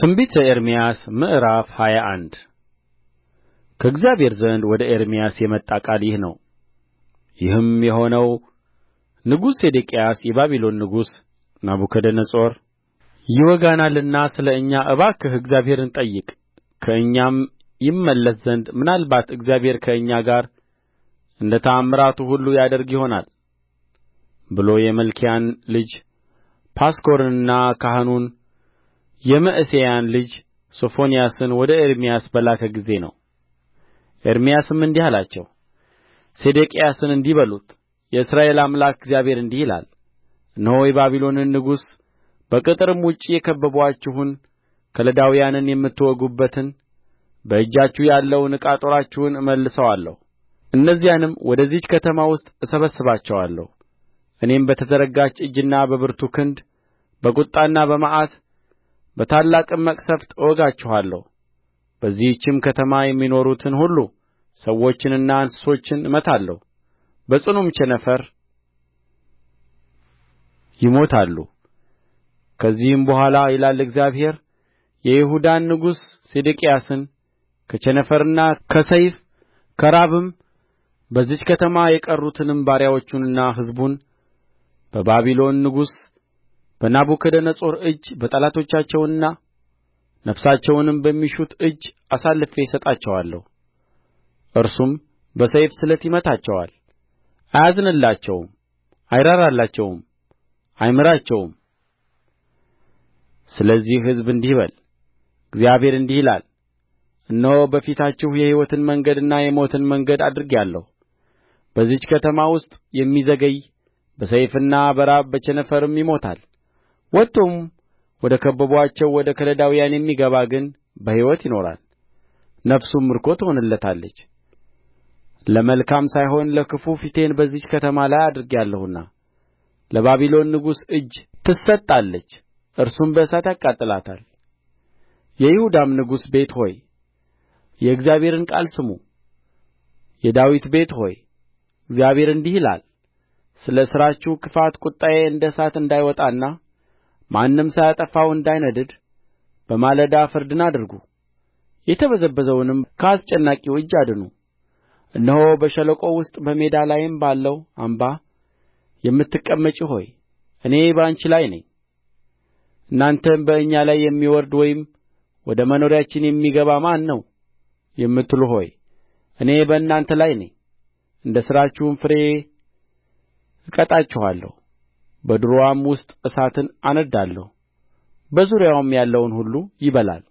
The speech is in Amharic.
ትንቢተ ኤርምያስ ምዕራፍ ሃያ አንድ ከእግዚአብሔር ዘንድ ወደ ኤርምያስ የመጣ ቃል ይህ ነው። ይህም የሆነው ንጉሡ ሴዴቅያስ የባቢሎን ንጉሥ ናቡከደነፆር ይወጋናልና ስለ እኛ እባክህ እግዚአብሔርን ጠይቅ፣ ከእኛም ይመለስ ዘንድ ምናልባት እግዚአብሔር ከእኛ ጋር እንደ ተአምራቱ ሁሉ ያደርግ ይሆናል ብሎ የመልክያን ልጅ ጳስኮርንና ካህኑን የመዕሤያን ልጅ ሶፎንያስን ወደ ኤርምያስ በላከ ጊዜ ነው ኤርምያስም እንዲህ አላቸው ሴዴቅያስን እንዲህ በሉት የእስራኤል አምላክ እግዚአብሔር እንዲህ ይላል እነሆ የባቢሎንን ንጉሥ በቅጥርም ውጭ የከበቡአችሁን ከለዳውያንን የምትወጉበትን በእጃችሁ ያለውን ዕቃ ጦራችሁን እመልሰዋለሁ እነዚያንም ወደዚች ከተማ ውስጥ እሰበስባቸዋለሁ እኔም በተዘረጋች እጅና በብርቱ ክንድ በቍጣና በመዓት በታላቅም መቅሠፍት እወጋችኋለሁ በዚህችም ከተማ የሚኖሩትን ሁሉ ሰዎችንና እንስሶችን እመታለሁ በጽኑም ቸነፈር ይሞታሉ ከዚህም በኋላ ይላል እግዚአብሔር የይሁዳን ንጉሥ ሴዴቅያስን ከቸነፈርና ከሰይፍ ከራብም በዚህች ከተማ የቀሩትንም ባሪያዎቹንና ሕዝቡን በባቢሎን ንጉሥ በናቡከደነፆር እጅ በጠላቶቻቸውና ነፍሳቸውንም በሚሹት እጅ አሳልፌ እሰጣቸዋለሁ እርሱም በሰይፍ ስለት ይመታቸዋል አያዝንላቸውም አይራራላቸውም አይምራቸውም ስለዚህ ሕዝብ እንዲህ በል እግዚአብሔር እንዲህ ይላል እነሆ በፊታችሁ የሕይወትን መንገድና የሞትን መንገድ አድርጌአለሁ በዚህች ከተማ ውስጥ የሚዘገይ በሰይፍና በራብ በቸነፈርም ይሞታል ወጥቶም ወደ ከበቡአቸው ወደ ከለዳውያን የሚገባ ግን በሕይወት ይኖራል ነፍሱም ምርኮ ትሆንለታለች ለመልካም ሳይሆን ለክፉ ፊቴን በዚህች ከተማ ላይ አድርጌአለሁና ለባቢሎን ንጉሥ እጅ ትሰጣለች እርሱም በእሳት ያቃጥላታል የይሁዳም ንጉሥ ቤት ሆይ የእግዚአብሔርን ቃል ስሙ የዳዊት ቤት ሆይ እግዚአብሔር እንዲህ ይላል ስለ ሥራችሁ ክፋት ቍጣዬ እንደ እሳት እንዳይወጣና ማንም ሳያጠፋው እንዳይነድድ በማለዳ ፍርድን አድርጉ የተበዘበዘውንም ከአስጨናቂው እጅ አድኑ እነሆ በሸለቆው ውስጥ በሜዳ ላይም ባለው አምባ የምትቀመጪ ሆይ እኔ በአንቺ ላይ ነኝ እናንተም በእኛ ላይ የሚወርድ ወይም ወደ መኖሪያችን የሚገባ ማን ነው የምትሉ ሆይ እኔ በእናንተ ላይ ነኝ እንደ ሥራችሁም ፍሬ እቀጣችኋለሁ በዱርዋም ውስጥ እሳትን አነድዳለሁ በዙሪያዋም ያለውን ሁሉ ይበላል